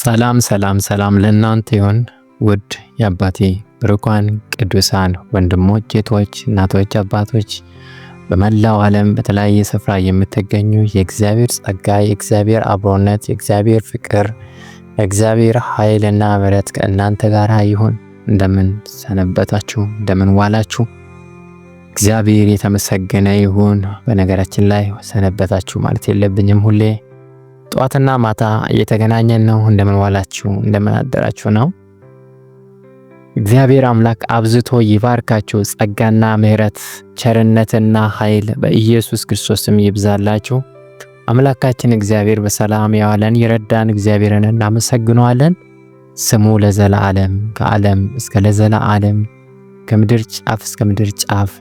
ሰላም ሰላም ሰላም ለእናንተ ይሁን ውድ የአባቴ ብሩካን ቅዱሳን ወንድሞች፣ እህቶች፣ እናቶች፣ አባቶች በመላው ዓለም በተለያየ ስፍራ የምትገኙ የእግዚአብሔር ጸጋ፣ የእግዚአብሔር አብሮነት፣ የእግዚአብሔር ፍቅር፣ የእግዚአብሔር ኃይልና ምሕረት ከእናንተ ጋር ይሁን። እንደምን ሰነበታችሁ? እንደምን ዋላችሁ? እግዚአብሔር የተመሰገነ ይሁን። በነገራችን ላይ ሰነበታችሁ ማለት የለብኝም ሁሌ ጠዋትና ማታ እየተገናኘን ነው። እንደምንዋላችሁ እንደምናደራችሁ ነው። እግዚአብሔር አምላክ አብዝቶ ይባርካችሁ። ጸጋና ምሕረት ቸርነትና ኃይል በኢየሱስ ክርስቶስም ይብዛላችሁ። አምላካችን እግዚአብሔር በሰላም ያዋለን የረዳን እግዚአብሔርን እናመሰግነዋለን። ስሙ ለዘላለም ከዓለም እስከ ለዘላለም ከምድር ጫፍ እስከ ምድር ጫፍ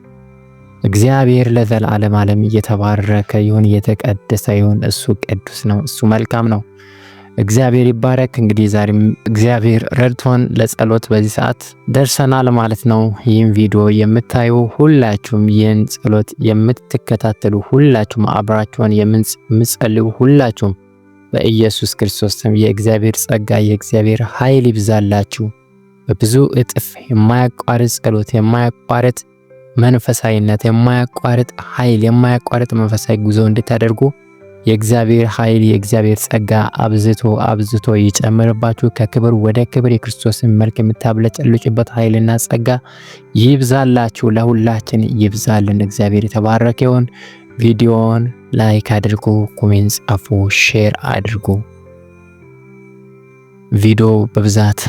እግዚአብሔር ለዘላለም ዓለም እየተባረከ ይሁን እየተቀደሰ ይሁን። እሱ ቅዱስ ነው፣ እሱ መልካም ነው። እግዚአብሔር ይባረክ። እንግዲህ ዛሬም እግዚአብሔር ረድቶን ለጸሎት በዚህ ሰዓት ደርሰናል ማለት ነው። ይህም ቪዲዮ የምታዩ ሁላችሁም፣ ይህን ጸሎት የምትከታተሉ ሁላችሁም፣ አብራችሁን የምትጸልዩ ሁላችሁም በኢየሱስ ክርስቶስ ስም የእግዚአብሔር ጸጋ የእግዚአብሔር ኃይል ይብዛላችሁ። በብዙ እጥፍ የማያቋርጥ ጸሎት የማያቋርጥ መንፈሳዊነት የማያቋርጥ ኃይል የማያቋርጥ መንፈሳዊ ጉዞ እንድታደርጉ የእግዚአብሔር ኃይል የእግዚአብሔር ጸጋ አብዝቶ አብዝቶ ይጨምርባችሁ። ከክብር ወደ ክብር የክርስቶስን መልክ የምታብለጨልጭበት ኃይልና ጸጋ ይብዛላችሁ፣ ለሁላችን ይብዛልን። እግዚአብሔር የተባረከ ይሁን። ቪዲዮውን ላይክ አድርጉ፣ ኮሜንት ጻፉ፣ ሼር አድርጉ። ቪዲዮ በብዛት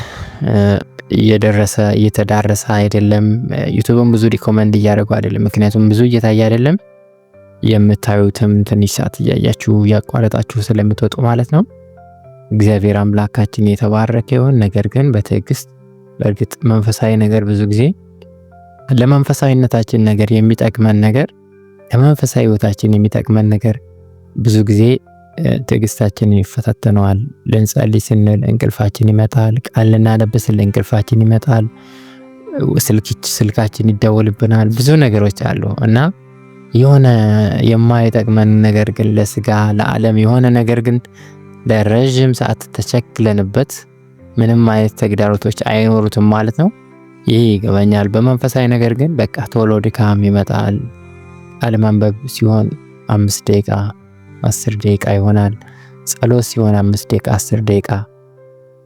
እየደረሰ እየተዳረሰ አይደለም። ዩቱብም ብዙ ሪኮመንድ እያደረጉ አይደለም፣ ምክንያቱም ብዙ እየታየ አይደለም። የምታዩትም ትንሽ ሰዓት እያያችሁ እያቋረጣችሁ ስለምትወጡ ማለት ነው። እግዚአብሔር አምላካችን የተባረከ ይሁን። ነገር ግን በትዕግስት በእርግጥ መንፈሳዊ ነገር ብዙ ጊዜ ለመንፈሳዊነታችን ነገር የሚጠቅመን ነገር ለመንፈሳዊ ህይወታችን የሚጠቅመን ነገር ብዙ ጊዜ ትዕግስታችንን ይፈታተነዋል። ልንጸልይ ስንል እንቅልፋችን ይመጣል። ቃል ልናነብ ስንል እንቅልፋችን ይመጣል። ስልካችን ይደወልብናል። ብዙ ነገሮች አሉ እና የሆነ የማይጠቅመን ነገር ግን ለስጋ ለዓለም የሆነ ነገር ግን ለረዥም ሰዓት ተቸክለንበት ምንም አይነት ተግዳሮቶች አይኖሩትም ማለት ነው። ይህ ይገባኛል። በመንፈሳዊ ነገር ግን በቃ ቶሎ ድካም ይመጣል። አለማንበብ ሲሆን አምስት ደቂቃ አስር ደቂቃ ይሆናል። ጸሎት ሲሆን አምስት ደቂቃ አስር ደቂቃ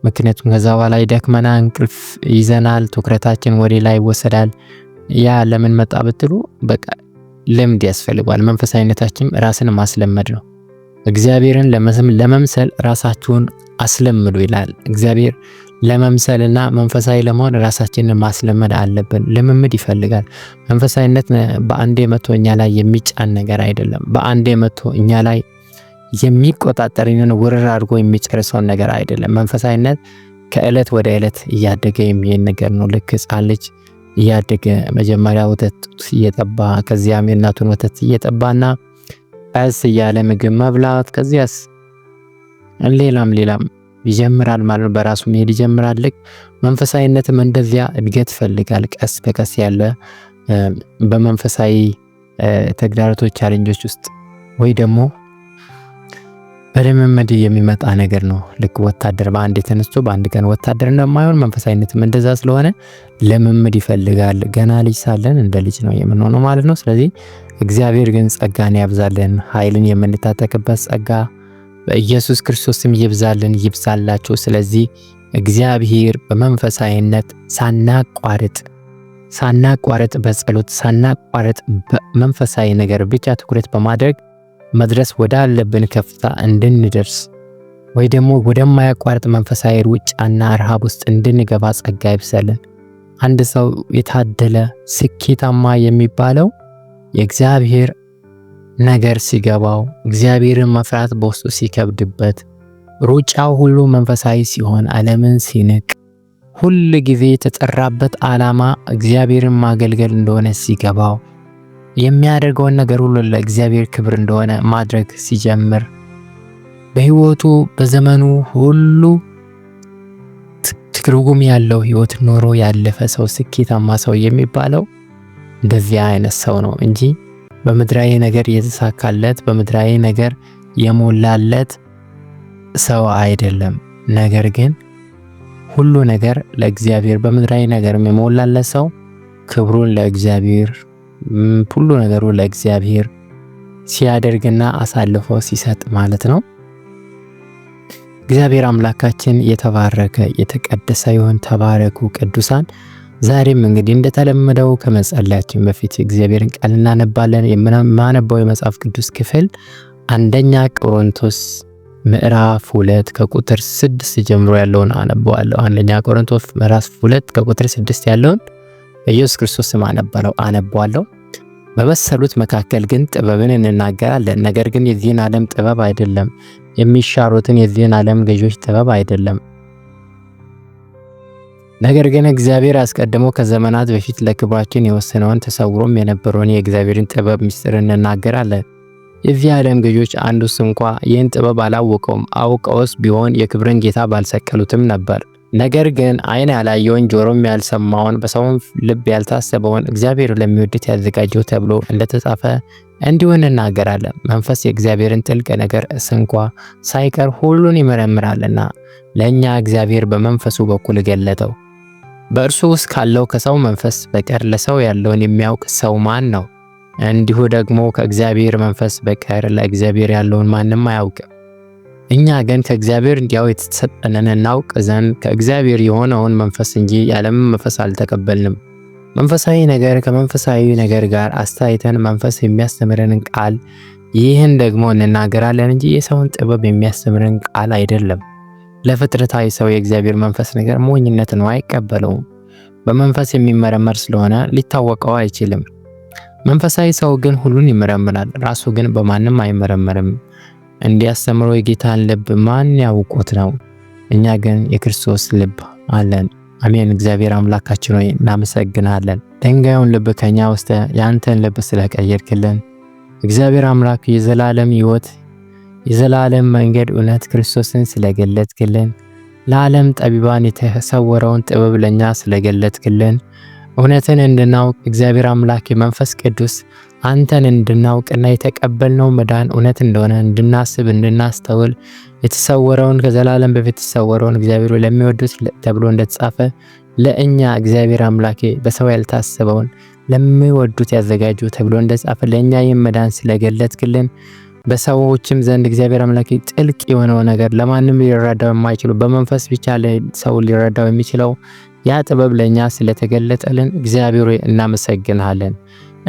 ምክንያቱም ከዛ በኋላ ይደክመና እንቅልፍ ይዘናል። ትኩረታችን ወደ ላይ ይወሰዳል። ያ ለምን መጣ ብትሉ በቃ ልምድ ያስፈልገዋል። መንፈሳዊነታችን ራስን ማስለመድ ነው። እግዚአብሔርን ለመምሰል ራሳችሁን አስለምዱ ይላል እግዚአብሔር ለመምሰልና መንፈሳዊ ለመሆን ራሳችንን ማስለመድ አለብን። ልምምድ ይፈልጋል። መንፈሳዊነት በአንዴ መቶ እኛ ላይ የሚጫን ነገር አይደለም። በአንዴ መቶ እኛ ላይ የሚቆጣጠርንን ውርር አድርጎ የሚጨርሰውን ነገር አይደለም። መንፈሳዊነት ከእለት ወደ እለት እያደገ የሚሄድ ነገር ነው። ልክ ሕፃን ልጅ እያደገ መጀመሪያ ወተት እየጠባ ከዚያም የእናቱን ወተት እየጠባና ቀስ እያለ ምግብ መብላት ከዚያስ ሌላም ሌላም ይጀምራል ማለት ነው። በራሱ መሄድ ይጀምራል። ልክ መንፈሳዊነትም እንደዚያ እድገት ይፈልጋል። ቀስ በቀስ ያለ በመንፈሳዊ ተግዳሮቶች ቻሌንጆች ውስጥ ወይ ደግሞ በልምምድ የሚመጣ ነገር ነው። ልክ ወታደር በአንድ የተነስቶ በአንድ ቀን ወታደር እንደማይሆን መንፈሳዊነትም እንደዛ ስለሆነ ልምምድ ይፈልጋል። ገና ልጅ ሳለን እንደ ልጅ ነው የምንሆነው ማለት ነው። ስለዚህ እግዚአብሔር ግን ጸጋን ያብዛለን ኃይልን የምንታጠቅበት ጸጋ በኢየሱስ ክርስቶስም ይብዛልን ይብዛላችሁ። ስለዚህ እግዚአብሔር በመንፈሳዊነት ሳናቋርጥ ሳናቋርጥ በጸሎት ሳናቋርጥ በመንፈሳዊ ነገር ብቻ ትኩረት በማድረግ መድረስ ወዳለብን ከፍታ እንድንደርስ ወይ ደግሞ ወደማያቋርጥ መንፈሳዊ ሩጫና ረሃብ ውስጥ እንድንገባ ጸጋ ይብሰልን። አንድ ሰው የታደለ ስኬታማ የሚባለው የእግዚአብሔር ነገር ሲገባው፣ እግዚአብሔርን መፍራት በውስጡ ሲከብድበት፣ ሩጫው ሁሉ መንፈሳዊ ሲሆን ዓለምን ሲንቅ፣ ሁል ጊዜ የተጠራበት ዓላማ እግዚአብሔርን ማገልገል እንደሆነ ሲገባው፣ የሚያደርገውን ነገር ሁሉ ለእግዚአብሔር ክብር እንደሆነ ማድረግ ሲጀምር፣ በሕይወቱ በዘመኑ ሁሉ ትርጉም ያለው ሕይወት ኖሮ ያለፈ ሰው ስኬታማ ሰው የሚባለው እንደዚያ አይነት ሰው ነው እንጂ በምድራዊ ነገር የተሳካለት በምድራዊ ነገር የሞላለት ሰው አይደለም። ነገር ግን ሁሉ ነገር ለእግዚአብሔር በምድራዊ ነገር የሞላለት ሰው ክብሩን ለእግዚአብሔር ሁሉ ነገሩ ለእግዚአብሔር ሲያደርግና አሳልፎ ሲሰጥ ማለት ነው። እግዚአብሔር አምላካችን የተባረከ የተቀደሰ ይሁን። ተባረኩ ቅዱሳን። ዛሬም እንግዲህ እንደተለመደው ከመጸለያችን በፊት እግዚአብሔርን ቃል እናነባለን። የማነባው የመጽሐፍ ቅዱስ ክፍል አንደኛ ቆሮንቶስ ምዕራፍ ሁለት ከቁጥር ስድስት ጀምሮ ያለውን አነበዋለሁ። አንደኛ ቆሮንቶስ ምዕራፍ ሁለት ከቁጥር ስድስት ያለውን በኢየሱስ ክርስቶስ ስም አነበለው አነበዋለሁ። በመሰሉት መካከል ግን ጥበብን እንናገራለን፣ ነገር ግን የዚህን ዓለም ጥበብ አይደለም፣ የሚሻሩትን የዚህን ዓለም ገዢዎች ጥበብ አይደለም ነገር ግን እግዚአብሔር አስቀድሞ ከዘመናት በፊት ለክብራችን የወሰነውን ተሰውሮም የነበረውን የእግዚአብሔርን ጥበብ ምስጢር እንናገራለን። የዚህ ዓለም ገዦች አንዱስ እንኳ ይህን ጥበብ አላወቀውም። አውቀውስ ቢሆን የክብርን ጌታ ባልሰቀሉትም ነበር። ነገር ግን ዓይን ያላየውን ጆሮም ያልሰማውን በሰውም ልብ ያልታሰበውን እግዚአብሔር ለሚወዱት ያዘጋጀው ተብሎ እንደተጻፈ እንዲሁ እንናገራለን። መንፈስ የእግዚአብሔርን ጥልቅ ነገር ስንኳ ሳይቀር ሁሉን ይመረምራልና ለእኛ እግዚአብሔር በመንፈሱ በኩል ገለጠው። በእርሱ ውስጥ ካለው ከሰው መንፈስ በቀር ለሰው ያለውን የሚያውቅ ሰው ማን ነው? እንዲሁ ደግሞ ከእግዚአብሔር መንፈስ በቀር ለእግዚአብሔር ያለውን ማንም አያውቅም። እኛ ግን ከእግዚአብሔር እንዲያው የተሰጠንን እናውቅ ዘንድ ከእግዚአብሔር የሆነውን መንፈስ እንጂ የዓለምን መንፈስ አልተቀበልንም። መንፈሳዊ ነገር ከመንፈሳዊ ነገር ጋር አስተያይተን መንፈስ የሚያስተምረንን ቃል ይህን ደግሞ እንናገራለን እንጂ የሰውን ጥበብ የሚያስተምረን ቃል አይደለም። ለፍጥረታዊ ሰው የእግዚአብሔር መንፈስ ነገር ሞኝነት ነው፣ አይቀበለውም። በመንፈስ የሚመረመር ስለሆነ ሊታወቀው አይችልም። መንፈሳዊ ሰው ግን ሁሉን ይመረምራል፣ ራሱ ግን በማንም አይመረመርም። እንዲያስተምረው የጌታን ልብ ማን ያውቁት ነው? እኛ ግን የክርስቶስ ልብ አለን። አሜን። እግዚአብሔር አምላካችን ሆይ እናመሰግናለን። ድንጋዩን ልብ ከኛ ውስጥ የአንተን ልብ ስለቀየርክልን እግዚአብሔር አምላክ የዘላለም ሕይወት የዘላለም መንገድ እውነት ክርስቶስን ስለገለጥክልን፣ ለዓለም ጠቢባን የተሰወረውን ጥበብ ለእኛ ስለገለጥክልን፣ እውነትን እንድናውቅ እግዚአብሔር አምላክ የመንፈስ ቅዱስ አንተን እንድናውቅና የተቀበልነው መዳን እውነት እንደሆነ እንድናስብ እንድናስተውል የተሰወረውን ከዘላለም በፊት የተሰወረውን እግዚአብሔር ለሚወዱት ተብሎ እንደተጻፈ ለእኛ እግዚአብሔር አምላኬ በሰው ያልታሰበውን ለሚወዱት ያዘጋጁ ተብሎ እንደተጻፈ ለእኛ ይህም መዳን ስለገለጥክልን በሰዎችም ዘንድ እግዚአብሔር አምላክ ጥልቅ የሆነው ነገር ለማንም ሊረዳው የማይችሉ በመንፈስ ብቻ ሰው ሊረዳው የሚችለው ያ ጥበብ ለእኛ ስለተገለጠልን እግዚአብሔር እናመሰግንሃለን፣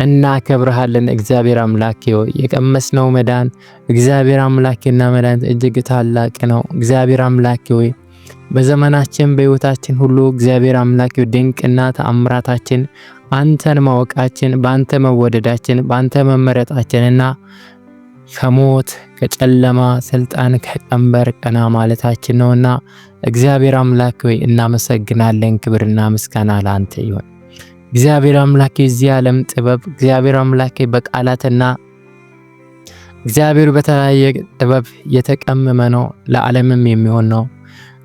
እናከብርሃለን። እግዚአብሔር አምላክ የቀመስነው መዳን እግዚአብሔር አምላክና መዳን እጅግ ታላቅ ነው። እግዚአብሔር አምላክ ሆይ በዘመናችን በህይወታችን ሁሉ እግዚአብሔር አምላክ ድንቅና ተአምራታችን አንተን ማወቃችን፣ በአንተ መወደዳችን፣ በአንተ መመረጣችንና ከሞት ከጨለማ ስልጣን ከቀንበር ቀና ማለታችን ነውና እግዚአብሔር አምላክ ሆይ እናመሰግናለን። ክብርና ምስጋና ለአንተ ይሁን። እግዚአብሔር አምላክ የዚህ ዓለም ጥበብ እግዚአብሔር አምላክ በቃላትና እግዚአብሔር በተለያየ ጥበብ የተቀመመ ነው፣ ለዓለምም የሚሆን ነው።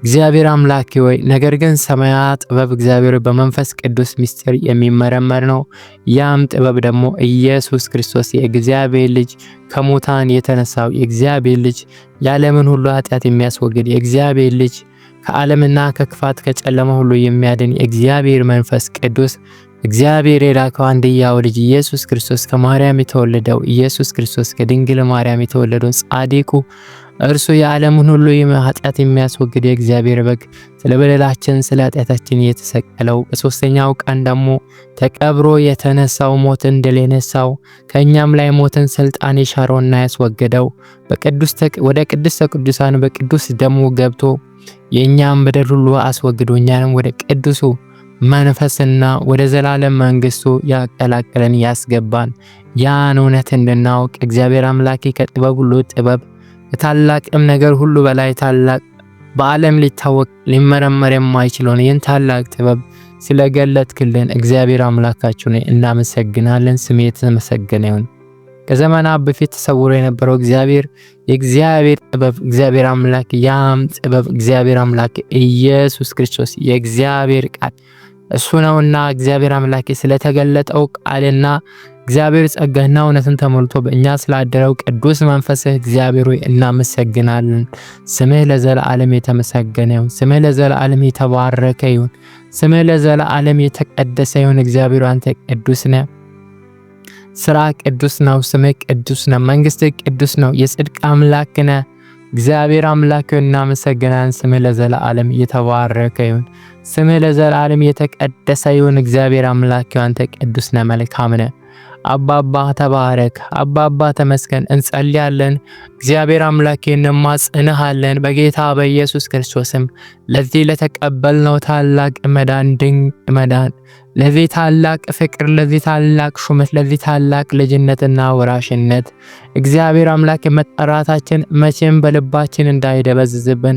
እግዚአብሔር አምላኪ ወይ ነገር ግን ሰማያ ጥበብ እግዚአብሔር በመንፈስ ቅዱስ ምስጢር የሚመረመር ነው። ያም ጥበብ ደግሞ ኢየሱስ ክርስቶስ የእግዚአብሔር ልጅ ከሙታን የተነሳው የእግዚአብሔር ልጅ የዓለምን ሁሉ ኃጢአት የሚያስወግድ የእግዚአብሔር ልጅ ከዓለምና ከክፋት ከጨለማ ሁሉ የሚያድን የእግዚአብሔር መንፈስ ቅዱስ እግዚአብሔር የላከው አንድያው ልጅ ኢየሱስ ክርስቶስ ከማርያም የተወለደው ኢየሱስ ክርስቶስ ከድንግል ማርያም የተወለደው ጻድቁ እርሱ የዓለምን ሁሉ ኃጢአት የሚያስወግድ የእግዚአብሔር በግ ስለ በደላችን ስለ ኃጢአታችን የተሰቀለው በሶስተኛው ቀን ደግሞ ተቀብሮ የተነሳው ሞትን ድል የነሳው ከእኛም ላይ ሞትን ስልጣን የሻረውና ያስወገደው ወደ ቅድስተ ቅዱሳን በቅዱስ ደሙ ገብቶ የእኛም በደል ሁሉ አስወግዶ እኛንም ወደ ቅዱሱ መንፈስና ወደ ዘላለም መንግስቱ ያቀላቀለን ያስገባን ያን እውነት እንድናውቅ እግዚአብሔር አምላኬ ከጥበብ ሁሉ ጥበብ ከታላቅም ነገር ሁሉ በላይ ታላቅ በዓለም ሊታወቅ ሊመረመር የማይችለውን ይህን ታላቅ ጥበብ ስለገለጥክልን እግዚአብሔር አምላካችን እናመሰግናለን። ስምህ የተመሰገነ ይሁን። ከዘመናት በፊት ተሰውሮ የነበረው እግዚአብሔር የእግዚአብሔር ጥበብ እግዚአብሔር አምላክ ያም ጥበብ እግዚአብሔር አምላክ ኢየሱስ ክርስቶስ የእግዚአብሔር ቃል እሱ ነውና እግዚአብሔር አምላክ ስለተገለጠው ቃልና እግዚአብሔር ጸጋህና እውነትን ተሞልቶ በእኛ ስላደረው ቅዱስ መንፈስህ እግዚአብሔር ሆይ እናመሰግናለን። ስምህ ለዘላለም የተመሰገነ ይሁን። ስምህ ለዘላለም የተባረከ ይሁን። ስምህ ለዘላለም የተቀደሰ ይሁን። እግዚአብሔር አንተ ቅዱስ ነህ። ስራ ቅዱስ ነው። ስምህ ቅዱስ ነው። መንግስትህ ቅዱስ ነው። የጽድቅ አምላክ ነህ። እግዚአብሔር አምላክ እናመሰግናለን። ስምህ ለዘላለም የተባረከ ይሁን። ስምህ ለዘላለም የተቀደሰ ይሁን። እግዚአብሔር አምላክ አንተ ቅዱስ ነህ፣ መልካም ነህ። አባባ ተባረክ፣ አባባ ተመስገን እንጸልያለን። እግዚአብሔር አምላኬ እንማጽንሃለን በጌታ በኢየሱስ ክርስቶስም ለዚህ ለተቀበልነው ታላቅ መዳን ድንቅ መዳን ለዚህ ታላቅ ፍቅር፣ ለዚህ ታላቅ ሹመት፣ ለዚህ ታላቅ ልጅነትና ወራሽነት እግዚአብሔር አምላክ መጠራታችን መቼም በልባችን እንዳይደበዝዝብን፣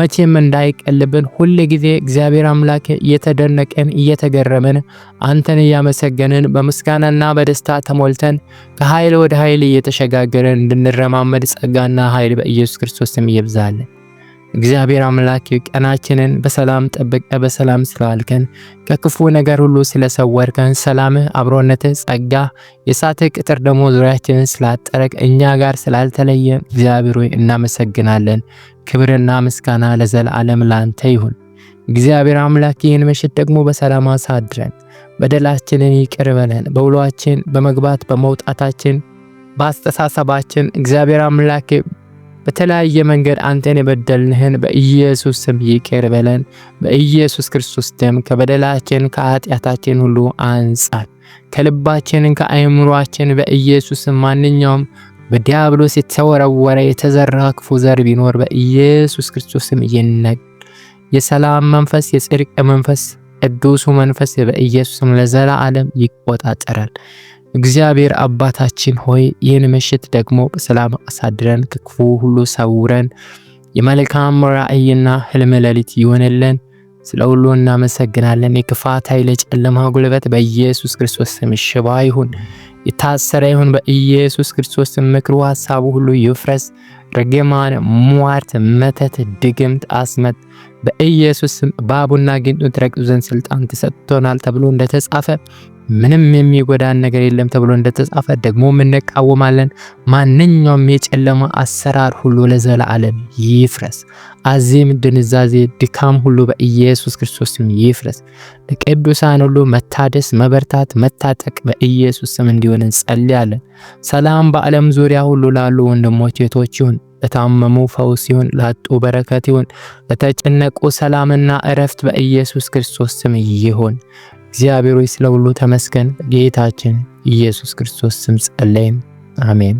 መቼም እንዳይቀልብን፣ ሁል ጊዜ እግዚአብሔር አምላክ እየተደነቅን እየተገረምን አንተን እያመሰገንን በምስጋናና በደስታ ተሞልተን ከኃይል ወደ ኃይል እየተሸጋገረን እንድንረማመድ ጸጋና ኃይል በኢየሱስ ክርስቶስ ስም ይብዛልን። እግዚአብሔር አምላክ ቀናችንን በሰላም ጠብቀ በሰላም ስላልከን ከክፉ ነገር ሁሉ ስለሰወርከን ሰላም፣ አብሮነት፣ ጸጋ የእሳት ቅጥር ደግሞ ዙሪያችንን ስላጠረቅ እኛ ጋር ስላልተለየን እግዚአብሔር ሆይ እናመሰግናለን። ክብርና ምስጋና ለዘላለም ላንተ ይሁን። እግዚአብሔር አምላክ ይህን ምሽት ደግሞ በሰላም አሳድረን፣ በደላችንን ይቅር በለን። በውሏችን በመግባት በመውጣታችን በአስተሳሰባችን እግዚአብሔር አምላክ በተለያየ መንገድ አንተን የበደልንህን በኢየሱስ ስም ይቅር በለን። በኢየሱስ ክርስቶስ ደም ከበደላችን ከኃጢአታችን ሁሉ አንጻን፣ ከልባችን ከአይምሯችን በኢየሱስ ማንኛውም በዲያብሎስ የተወረወረ የተዘራ ክፉ ዘር ቢኖር በኢየሱስ ክርስቶስ ስም ይነግ። የሰላም መንፈስ፣ የጽድቅ መንፈስ፣ ቅዱሱ መንፈስ በኢየሱስም ለዘላ ዓለም ይቆጣጠራል። እግዚአብሔር አባታችን ሆይ ይህን ምሽት ደግሞ በሰላም አሳድረን ከክፉ ሁሉ ሰውረን የመልካም ራእይና ህልም ሌሊት ይሆንልን። ስለ ሁሉ እናመሰግናለን። የክፋት ኃይለ ጨለማ ጉልበት በኢየሱስ ክርስቶስ ስም ሽባ ይሁን፣ የታሰረ ይሁን በኢየሱስ ክርስቶስ። ምክሩ ሀሳቡ ሁሉ ይፍረስ። ርግማን፣ ሟርት፣ መተት፣ ድግምት፣ አስመት በኢየሱስ ስም ባቡና ጊንጡን ትረግጡ ዘንድ ስልጣን ተሰጥቶናል ተብሎ እንደተጻፈ ምንም የሚጎዳን ነገር የለም ተብሎ እንደተጻፈ ደግሞ እንቃወማለን። ማንኛውም የጨለማ አሰራር ሁሉ ለዘላለም ይፍረስ። አዚም፣ ድንዛዜ፣ ድካም ሁሉ በኢየሱስ ክርስቶስ ስም ይፍረስ። ለቅዱሳን ሁሉ መታደስ፣ መበርታት፣ መታጠቅ በኢየሱስ ስም እንዲሆን እንጸልያለን። ሰላም በዓለም ዙሪያ ሁሉ ላሉ ወንድሞች እህቶች ይሁን። ለታመሙ ፈውስ ይሁን፣ ላጡ በረከት ይሁን፣ ለተጨነቁ ሰላምና እረፍት በኢየሱስ ክርስቶስ ስም ይሁን። እግዚአብሔር ሆይ ስለ ሁሉ ተመስገን። ጌታችን ኢየሱስ ክርስቶስ ስም ጸለይም፣ አሜን።